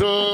Santo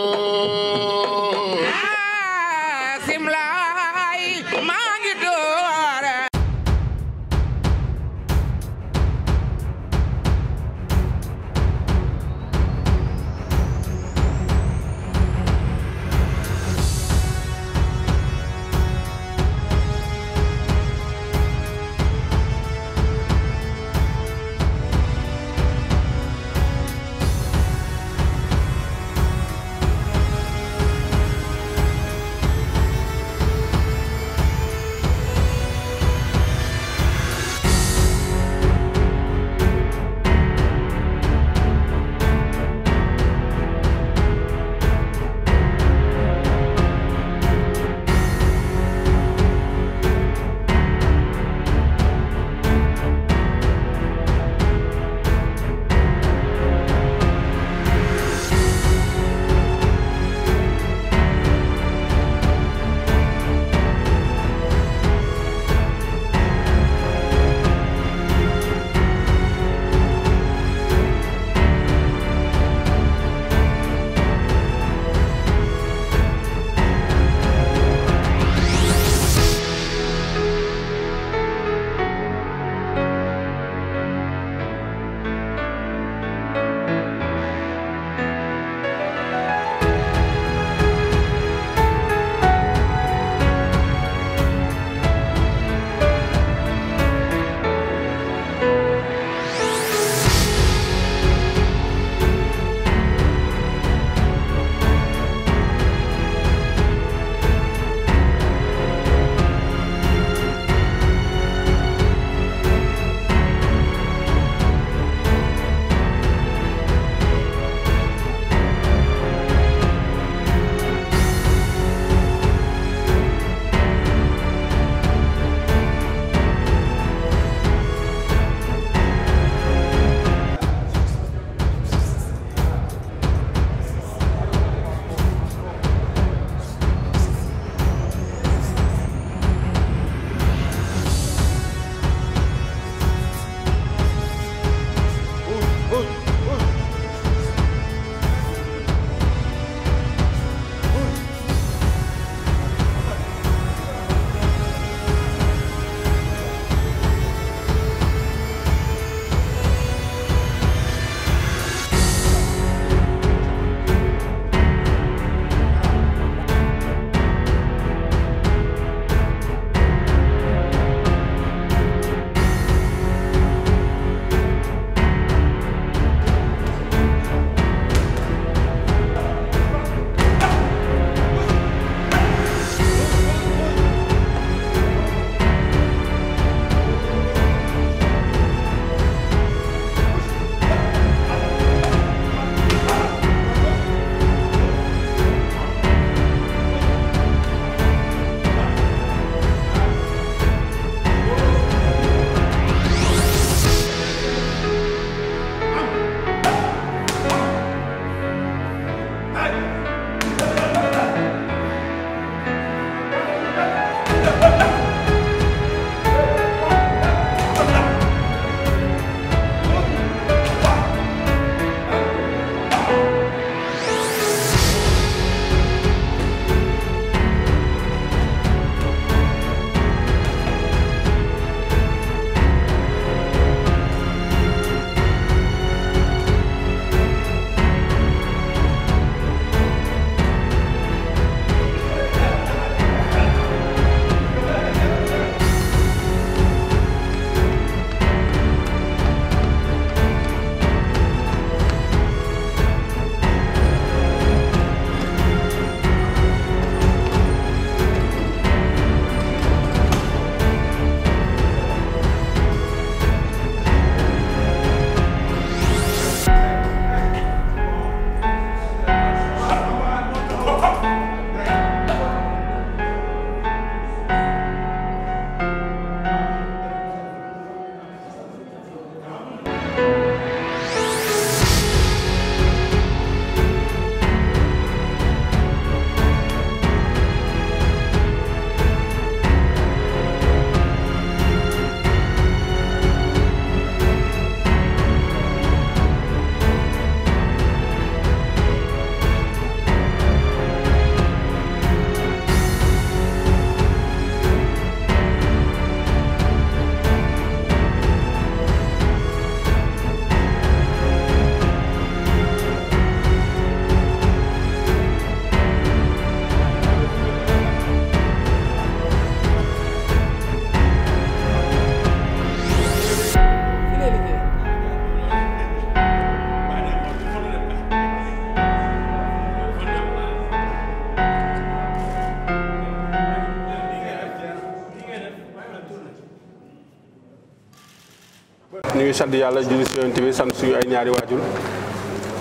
ñu ngi sant yàlla julli si bi sant suñu ay ñaari waajur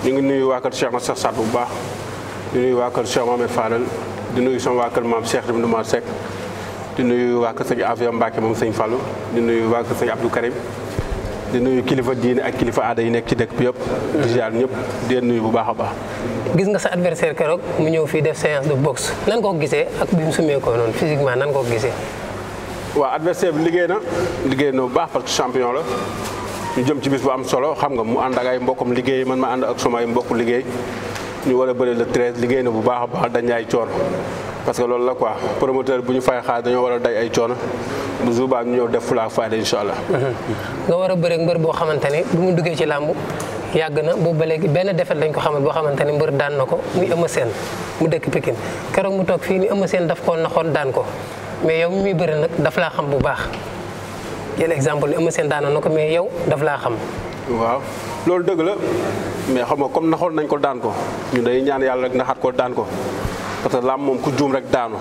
ñu ngi nuyu waa kër Cheikh ma bu baax di nuyu waa kër Cheikh di nuyu sama waa kër maam Cheikh Ibn Oumar di nuyu waa kër sëñ Afia Mbacke moom sëñ Fallou di nuyu waa kër sëñ Abdou Karim di nuyu kilifa diine ak kilifa aada yi nekk ci dëkk bi yëpp. di ziar ñëpp nuyu bu baax a baax. gis nga sa adversaire keroog mu ñëw fii def séance de boxe nan ko gisee ak bi mu sumee ko noonu physiquement nan ko gisee. waaw adversaire bi liggéey na liggéey na bu baax parce la. ñu jëm ci bis bu am solo xam nga mu ànd ak ay mbokkam liggéey man ma ànd ak sumay mbokku liggéey ñu war a bëri le 13 liggéey na bu baax a baax dañ ay coono la quoi promoteur bu ñu fay xaar a daj ñu ñëw def fulaak fayda incha war a bëri mbër boo xamante ne mu duggee ci làmb yàgg na boobu ba léegi benn defet lañ ko xamal boo xamante mbër daan na ko muy Eumeu mu dëkk Pikine keroog mu toog fii ni Eumeu Sène daf koo naxoon daan ko mais yow muy bëri nag daf laa xam bu baax. jël exemple ne Eumeu Sène daanoon na ko mais yow daf laa xam. waaw loolu dëgg la mais xam nga comme naxoon nañ ko daan ko ñu day ñaan yàlla rek naxaat ko daan ko parce que làmb moom ku juum rek daanu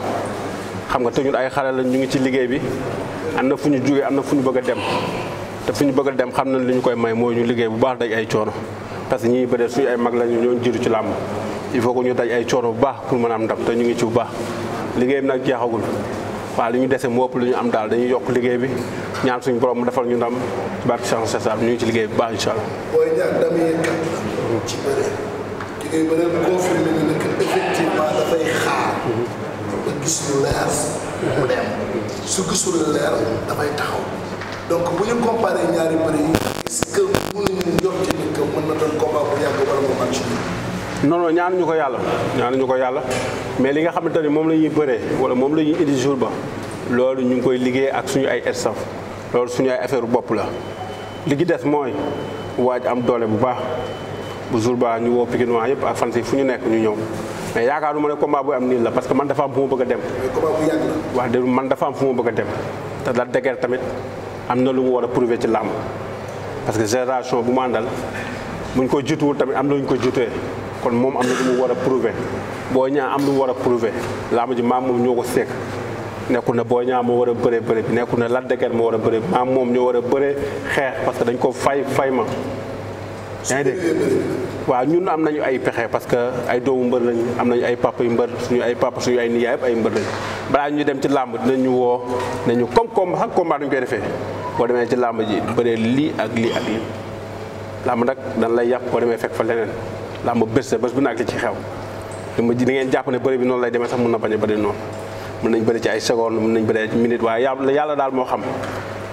xam nga te ñun ay xale la ñu ngi ci liggéey bi am na fu ñu jugee am na fu ñu bëgg dem te fu ñu bëgg a dem xam na lu ñu koy may mooy ñu liggéey bu baax daj ay coono parce que ñi bëre suñu ay mag lañu ñoo jiitu ci làmb il faut que ñu daj ay coono bu baax pour mën a am ndam te ñu ngi ci bu baax liggéey bi nag jeexagul. waaw li ñu dese moo ëpp lu ñu am daal dañuy yokk liggéey bi ñaan suñu borom mu defal ñu ndam ci barke Cheikh ñu ci liggéey bu baax incha allah. booy ñaar ndam yi kat la. ci bëre. ki ngay bëre confirmé effectivement dafay xaar. nga gis lu leer. mu dem su gisul leer dafay taxaw. donc bu ñu comparé ñaari bëre non non ñu ko yàlla ñaanuñu ko yàlla mais li nga xamante ni moom la ñuy bëree wala moom la ñuy indi jour ba loolu ñu ngi koy liggéey ak suñu ay staff loolu suñu ay affaire bopp la li ci des mooy waaj am doole bu baax bu jour ba ñu woo Pikinois yëpp ak fan si fu ñu nekk ñu ñëw mais ma ne combat bu am nii la parce que man dafa am fu ma bëgg a dem. wax dëgg man dafa am fu ma bëgg a dem te la dëgër tamit am na lu mu war a prouver ci làmb parce que génération bu ma àndal buñ ko jiituwul tamit am na ko jiitee kon moom am na lu mu war a prouver Boy Niang am lu mu war a prouver làmb ji maam moom ñoo ko seek nekkul na boo ñaam moo war a bëre bëre bi nekkul na Lac de moo war a bëre maam moom ñoo war a bëre xeex parce que dañ ko fay fay ma yaa waaw ñun am nañu ay pexe parce que ay doomu mbër lañu am nañu ay papa yu mbër suñu ay papa suñu ay nijaay yëpp ay mbër lañu balaa ñu dem ci làmb dinañu woo nañu comme combat ak combat duñu koy defee boo demee ci làmb ji bëree lii ak lii ak lii làmb nag dañ lay yàq boo demee fekk fa leneen làmb bés la bu nekk li ci xew li ma di ngeen jàpp ne bëri bi noonu lay demee sax mun na bañ a bëri noonu mën nañ bëri ci ay seconde mën nañ bëri ay minute waaye yàlla daal moo xam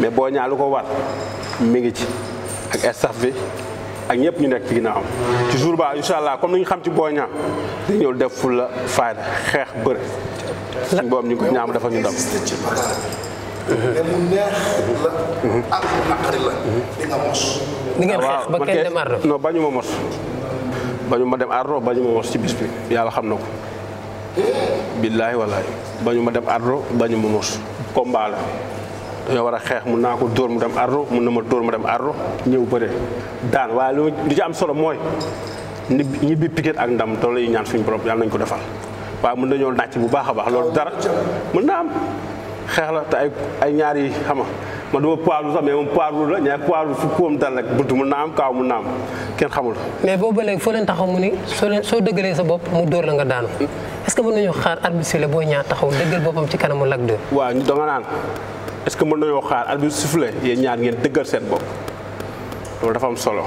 mais boo ñaa lu ko war mi ngi ci ak staff bi ak ñëpp ñu nekk ci ginnaawam ci jour ba allah comme ni ñu xam ci boo ñaa dañ ñëw def fu la fayda xeex bëri suñ boobu ko ñaam dafa ñu ndam mos. bañu ma dem ardo bañu ma mos ci bis bi yàlla xam na ko billaahi wallaahi bañu ma dem ardo bañu ma mos combat la dañoo war a xeex mun naa ko dóor mu dem ardo mun na ma dóor ma dem ardo ñëw bëre daan waaye lu li ci am solo mooy ñibbi piquet ak ndam te lay ñaan suñu borom yàlla nañ ko defal waaw mën nañoo nàcc bu baax a baax loolu dara mën naa am xeex la te ay ay ñaar yi xama man duma poids lu sax mais moom poids la ñaar poids fu poom dal rek bunt mën naa am kaaw mu naam kenn xamul. mais boobu ba léegi foo leen taxaw mu ni soo soo dëggalee sa bopp mu dóor la nga daanu. est-ce que mën nañoo xaar arbitre sifflé Boy Niang taxaw dëggal boppam ci kanamu Lac 2. waaw ñu dama naan est-ce que mën nañoo xaar arbitre sifflé yéen ñaar ngeen dëggal seen bopp loolu dafa am solo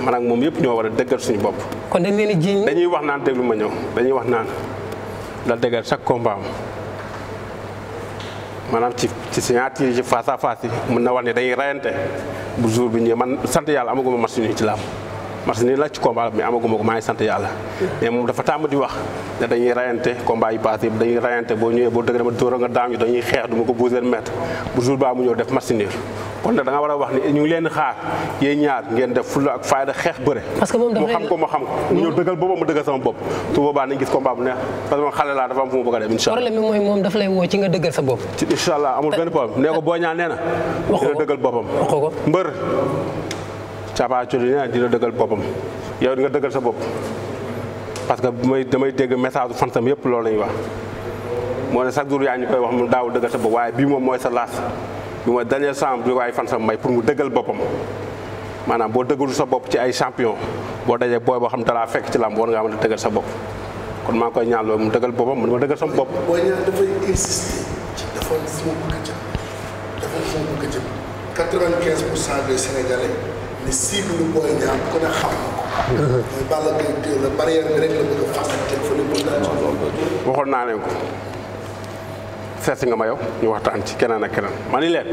man moom yëpp ñoo war a dëggal suñu bopp. kon dañ leen di jiiñ dañuy wax naan lu ma ñëw dañuy wax naan la dëggal chaque combat am maanaam ci ci signature yi ci face yi mën na wax ne dañuy rayante bu jour bi ñëwee man sant yàlla amaguma match nul ci làmb match nul la ci combat bi amaguma maa ngi sant yàlla mais moom dafa tàmm di wax ne dañuy rayante combat yi passé dañuy rayante boo ñëwee boo dëgg dama dóor nga daañu dañuy xeex du ma ko buuseen mètre bu jour baa mu ñëw def match nul kon ne da war a wax ni ñu leen xaar yéen ñaar ngeen def fulla ak fayda xeex bëre parce que moom ma xam ko mu ñëw dëggal boppam mu dëggal sama gis combat bu neex parce xale laa dafa am a dem incha allah problème bi mooy moom daf lay woo ci nga dëggal sa ko boo ñaan nee na dina dëggal boppam mbër capaa yi nee na dina dëggal boppam yow di nga dëggal sa bopp parce que may damay dégg message fan sam yëpp loolu lañuy wax moo ne chaque jour yaa ñu koy wax mu daaw dëggal sa waaye bii moom mooy sa laas bi ma dernier champ bi waaye fan sama may pour mu dëggal boppam maanaam boo dëggalu sa bopp ci ay champion boo dajee booy boo xam dalaa fekk ci làmb war ngaa mën a dëggal sa bopp kon maa koy ñaan loolu mu dëggal boppam man ma dëggal sama bopp. booy ñaan a jëm dafa foo bëgg a ne a fàttali naa ko. seet nga ma yow ñu waxtaan ci keneen ak keneen ma ni leen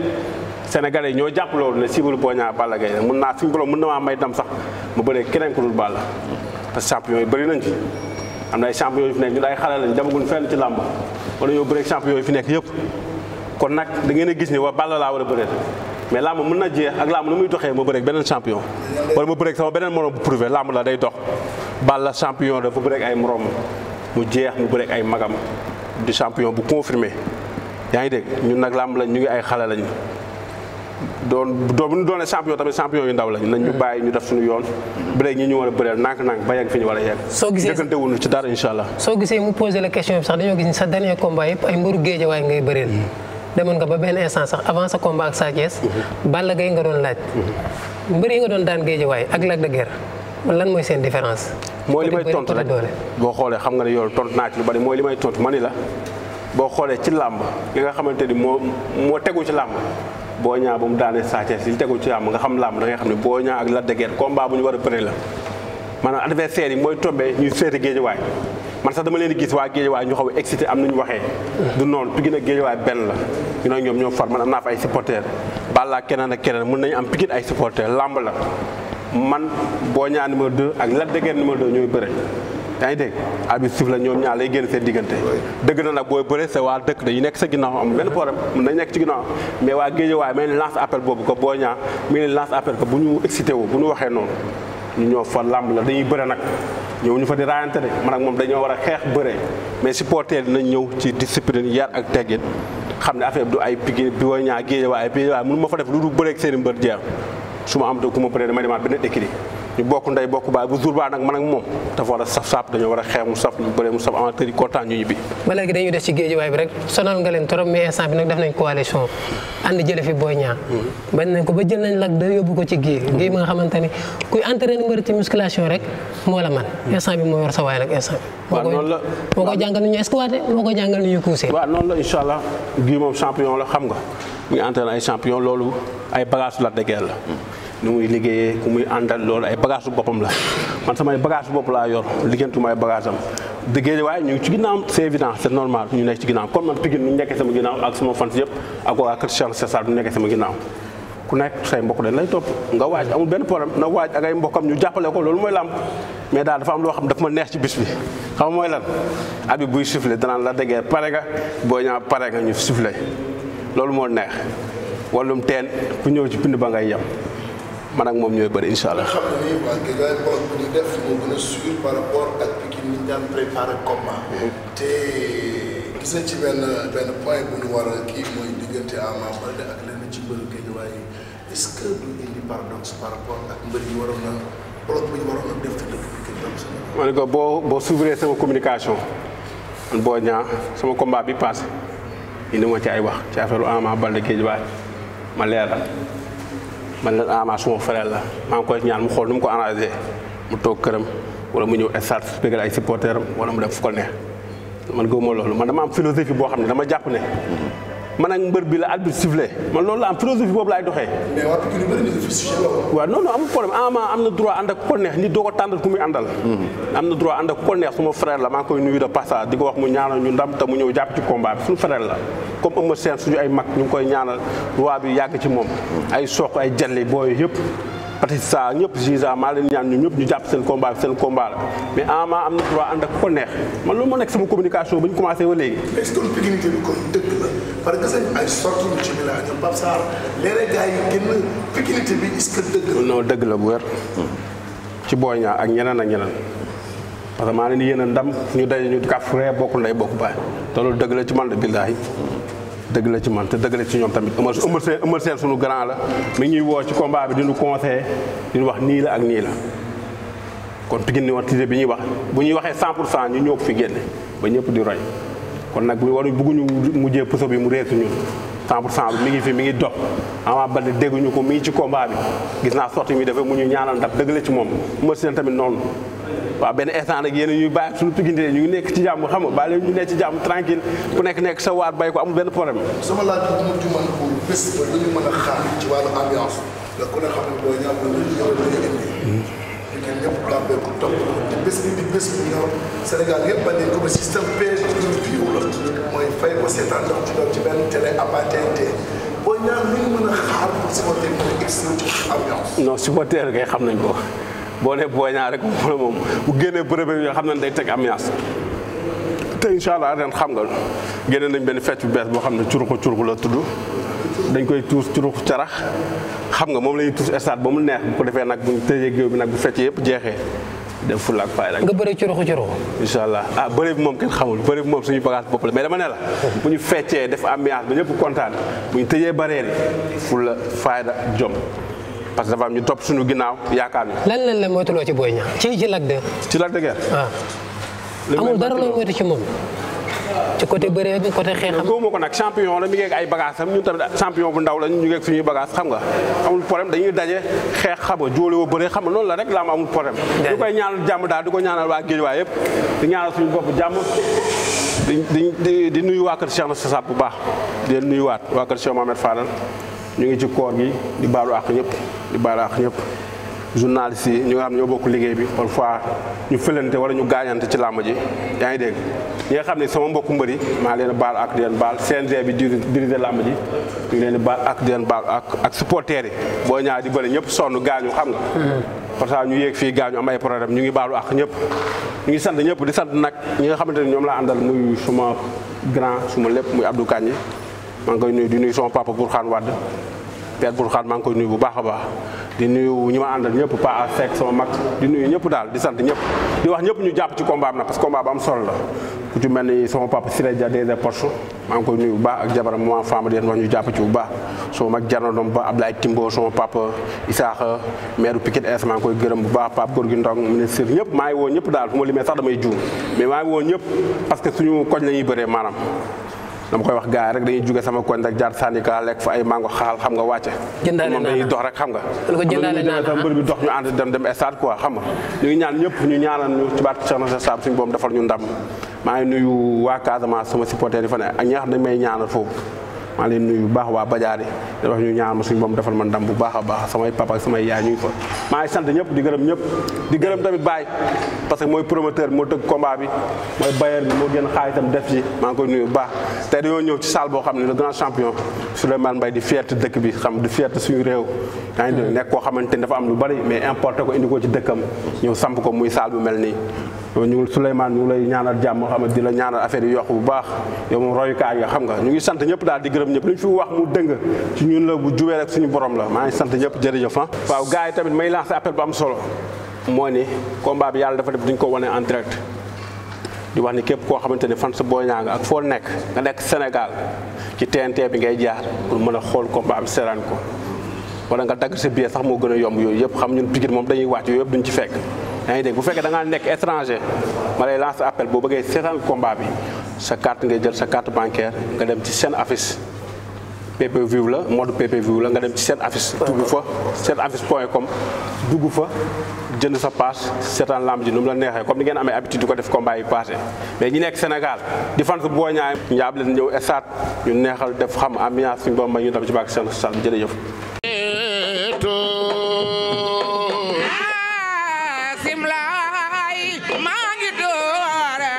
Sénégalais yi ñoo jàpp loolu ne siibul boo ñaa Balla Gaye mun naa suñu borom mun na maa may dam sax mu bëree keneen ku dul Balla na ay champion yu fi ci làmb wala ñoo bëreeg champion yi fi nekk yëpp kon nag da ngeen a gis ni waa Balla laa war a bëreel mais làmb mën na jeex ak làmb nu muy doxee ma bëreeg beneen champion wala ma bëreeg sama beneen morom bu la day dox Balla champion dafa bëreeg ay morom mu jeex mu bëreeg ay magam du champion bu confirmé yaa ngi dégg ñun nag làmb lañ ñu ngi ay xale lañ doon doo bu ñu doonee champion tamit champion yu ndaw lañ nañ ñu bàyyi ñu def suñu yoon bëreeg ñi ñu war a bëreel nànk-nànk ba soo gisee dëkkante wuñu ci dara incha allah soo gisee mu posé la question bi sax dañoo gis ni sa dernier combat yëpp ay mbaru géej waaye benn instant sax avant sa combat ak Sa Thiès mm-hmm. Balla Gaye nga doon laaj mm-hmm. mbër yi nga doon daan géej waaye ak Lac de Guiers lan mooy seen différence mooy li may tontu rek boo xoolee xam nga ne yow tontu naa ci lu bari mooy li may tontu ma ni la boo xoolee ci làmb li nga xamante ni moo moo tegu ci làmb boo ñaa ba mu daanee saacees yi tegu ci làmb nga xam làmb da nga xam ne boo ñaa ak Lac de Guiers combat bu a bëri la maanaam adversaire yi mooy tombee ñuy féete géejawaay man sax dama leen di gis waa géejawaay ñu xaw a excité am nañu waxee du noonu Pikine ak géejawaay benn la ñu ne ñoo far man naa ay supporters balla keneen ak keneen mën nañu am Pikine ay supporters làmb la man boo ñaa numéro 2 ak Lac de Guiers numéro 2 ñooy bëre yaa ngi dégg abi sif la ñoom ñaar lay seen diggante dëgg na nag booy bëre sa waa dëkk dañu nekk sa ginnaaw am benn problème mën nañ nekk ci ginnaaw mais waa géej may leen appel boobu ko boo ñaa mi ngi leen lance appel ko bu ñu excité wu bu ñu waxee noonu ñu ñoo fa làmb la dañuy bëre nag ñëw ñu fa di raayante de man ak moom dañoo war a xeex bëre mais supporter dinañ ñëw ci discipline yar ak teggin xam ne affaire bi du ay pigi bi booy ñaa géej waaye géej waaye ma fa def lu dul bëre ak seen mbër jeex su ma am do ku bëree damay demaat benn équilibre ñu bokk ndey bokk baay bu baa nag man ak moom dafa war a saf saap dañoo war a xeex mu saf mu bëree mu saf amateur yi kontaan ñu ñibbi ba léegi dañuy des ci géejuwaay bi rek sonal nga leen trop mais instant bi nag def nañ coalition ànd jële fi Boy Niang mm-hmm. bañ nañ ko ba jël nañ lak da ci gii gii ma nga xamante ni kuy entraîné mbër ci musculation rek moo la man mm-hmm. instant bi moo yor sa waay nag instant bi moo ko jàngal nu ñu escouaté moo la incha moom champion la xam nga mu ngi entraîné ay champion loolu ay bagage la dëgg mm-hmm. la nu muy liggéeyee ku muy àndal loolu ay bagage su boppam la man samay bagage su bopp laa yor liggéeyantuma ay bagage am waaye ñu ngi ci ginnaawam c'est évident c'est normal ñu nekk ci ginnaaw kon man Pikine nu nekkee sama ginnaaw ak sama fans yëpp ak waa kër Cheikh César nu nekkee say mbokk dañ lay topp nga waaj amul benn problème na waaj a ay mbokkam ñu jàppale ko loolu mooy làmb mais daal dafa am loo xam dafa ma neex ci bis bi xam mooy lan abi bi buy sifflé danaan la déggee pare nga boo ñaa pare nga ñu sifflé loolu moo neex wàllum teen ku ñëw ci pind ba ngay yem man ak moom ñooy bëri incha allah. xam nga ni waa Guédiawaye bu ñu def moo gën a sûr par rapport mm-hmm. te gis ci benn point bu ñu war a mooy diggante Ama Baldé ak lenn ci mbëru Guédiawaye yi est du indi paradoxe par rapport ak mbër waroon na bloc ko boo boo suivre communication man boo ñaa sama combat bi passé indi ma ci ay wax ci affaire Ama Baldé Guédiawaye ma leeral. man leen Ama ah, suma frère la maa ngi koy ñaan mu xool nu mu ko arrangé mu toog këram wala mu ñëw stade bégal ay supporteram wala mu def fu ko neex man gëwuma loolu man dama am philosophie boo xam ne dama jàpp ne man ak mbër bii la arbitre sifflé ma loolu la am philosophie boobu laay doxee. mais waa Pikine yu bëri waaw non non amul am na droit ànd ak ko neex ni doo ko tàndal ku muy àndal. Mhm. am na droit ànd ak ko neex suma frère la maa ngi koy nuyu de passage di ko wax mu ñaanal ñu dam te mu ñëw jàpp ci combat bi suñu frère la. comme Eumeu Sène suñu ay mag ñu ngi koy ñaanal roi bi yàgg ci moom. Mhm. ay soq ay jëlle booy yëpp. Batista ñëpp Giza maa leen ñaan ñu ñëpp ñu jàpp seen combat bi seen combat la mais Ama am na droit ànd ak ku ko neex man loolu moo nekk sama communication ba ñu commencé ba léegi. est que dëgg la parce que seen ay sorties yu ci bu wér ci Boy Niang ak ñeneen ak ñeneen. parce que maa leen yéen ndam ñu daje ñu kaf ree bokk ndey bokk baay te loolu dëgg la ci man la billaahi dëgg la ci man te dëgg la ci ñoom tamit ëmmal seen ëmmal seen suñu grand la mi ñuy woo ci combat bi di ñu conseillé di ñu wax nii la ak nii la kon Pikine Niotise bi ñuy wax bu ñuy waxee 100 pour cent ñu ñëw ko fi génne ba ñëpp di roy kon nag bi waru bëgguñu mujjee puso bi mu reesu ñun 100 pour cent bi mi ngi fi mi ngi dox Ama Baldé dégguñu ko mu ngi ci combat bi gis naa sorti mi dafa mu ñu ñaanal ndab dëgg la ci moom ëmmal seen tamit noonu waaw benn instant nag yéen yu bàyyi suñu pigindee ñu ngi nekk ci jàmm xam nga baa leen ñu nekk ci jàmm tranquille ku nekk nekk sa waar bay ko mu ci mën pour bés a ci wàllu ko topp te bés bi di a xaar pour xam nañ ko boo nee Boy rek moom bu génnee bëre bi xam na nañ day teg ambiance te incha allah ren xam nga génne nañ benn fecc bu bees boo xam ne curuxu curuxu la tudd dañ koy tuus curuxu carax xam nga moom la ñuy tuus stade ba mu neex bu ko defee nag bu ñu tëjee géew bi nag bu fecc yëpp jeexee dem fulla ak fay rek. nga bëre curuxu curuxu. incha ah bëre bi moom kenn xamul bëre bi moom suñu bagage bopp la mais dama ne la. bu ñu feccee def ambiance ba ñëpp kontaan bu ñu tëjee barrière fulla fayda jom. parce que dafa am ñu topp suñu ginnaaw yaakaar nañu. lan lan la moytuloo ci Boy Niang ci ci Lac de. ci Lac de ah. amul dara looy moytu ci moom. ci côté bëree bi côté xeexam. góob ma ko nag champion la mi ngi ay bagages am ñun tamit champion bu ndaw la ñu ngi suñuy bagages xam nga amul problème dañuy daje xeex xam nga jóole woo bëree xam nga loolu la rek laa am amul problème. di koy ñaanal jàmm daal di ko ñaanal waa géej waay yëpp di ñaanal suñu bopp jàmm. di di di nuyu waa kër Cheikh na Sassab bu baax di nuyuwaat waa ñu ngi ci koor gi di baalu àq ñëpp. di baaraax ñëpp journaliste si ñu nga xam ne ñoo bokk liggéey bi parfois ñu fëlante wala ñu gaañante ci làmb ji yaa ngi dégg ñi nga xam ne sama mbokku mbëri maa leen baal ak di leen baal bi dirigé làmb ji ñu leen di ak di ak ak supporters yi boo ñaar di bëri ñëpp sonn gaañu xam nga hmm. parce que ñu yéeg fii gaañu am ay problème ñu ngi baalu ak ñëpp ñu ngi sant ñëpp di sant nag ñi nga xamante ne ñoom laa àndal muy suma grand suma lépp muy Abdou Kandji maa ngi koy di nuyu sama papa Bourkhane Wade Père Bourkhane maa ngi koy nuyu bu baax a baax di nuyu ñu ma àndal ñëpp Pa Seck sama mag di nuyu ñëpp daal di sant ñëpp di wax ñëpp ñu jàpp ci combat parce que combat am solo la ku ci mel ni sama papa Siré Dia des Portes maa ngi koy nuyu bu baax ak jabaram moment femme di ñu jàpp ci bu baax sama mag jarnadom ba Ablaye Timbo sama papa Isaaxa maire Pikine Est maa ngi koy gërëm bu baax Pape Gorgui Ndong ñëpp maa ngi woo ñëpp daal fu ma limee sax damay juum mais maa ngi woo ñëpp parce que suñu koñ la ñuy bëree maanaam dama koy wax gars yi rek dañuy jóge sama koñ rek jaar syndicat lekk fa ay mango xaal xam nga wàcce moom dañuy dox rek xam nga sa mbër bi ah. dox ñu ànd dem dem stade quoi xam nga ñu ngi ñaan ñëpp ñu ñaanal ñu ci baat Cheikh Nassir Samb suñu boom defal ñu ndam maa ngi nuyu waa Casamance sama supporter yi fa ne ak ñi nga may ñaanal foofu maa leen nuyu bu baax waa Bajaar yi da wax ñu ñaan ma suñu boom defal ma ndam bu baax a baax samay papa ak samay yaay ñu ngi fa maa ngi sant ñëpp di gërëm ñëpp di gërëm tamit baay parce que mooy promoteur bi moo tëgg combat bi mooy bailleur bi moo gën xaalisam def ci maa ngi koy nuyu bu baax tey dañoo ñëw ci salle boo xam ne le grand champion Souleymane mbay di fierté dëkk bi xam di fierté suñu réew yaa ngi nekk koo xamante ni dafa am lu bari mais importé ko indi ko ci dëkkam ñëw samp ko muy salle bu mel nii ñu ngi Souleymane ñu ngi lay ñaanal jàmm xam di la ñaanal affaire yi yokk bu baax yow moom royukaay nga xam nga ñu ngi sant ñëpp daal di gërëm ñëpp lu ñu fi wax mu dëng ci ñun la bu jubee rek suñu borom la maa ngi sant ñëpp jërëjëf ah. waaw gars yi tamit may lancé appel bu am solo moo ni combat bi yàlla dafa def duñ ko wane en direct di wax ni képp koo xamante ni fan sa Boy Niang ak foo nekk nga nekk Sénégal ci TNT bi ngay jaar pour mën a xool combat bi seeraan ko wala nga dagg sa billet moo gën a yomb yooyu yëpp xam ñun moom dañuy wàcc yëpp duñ ci fekk yaa ngi da ngaa nekk étranger ma lay lancer appel boo bëggee seetaan combat bi sa carte ngay jël sa carte bancaire nga dem ci seen affiche PPV la mode PPV la nga dem ci seen affiche. dugg fa seen affiche point com dugg fa jënd sa paas seetaan lamb ji nu mu la neexee comme ni ngeen amee habitude di ko def combat yi passé mais ñi nekk Sénégal di fan su boo ñaay njaab leen ñëw estaat ñu neexal def xam ambiance suñu borom ba ñu dem ci bàq seen salle jërëjëf.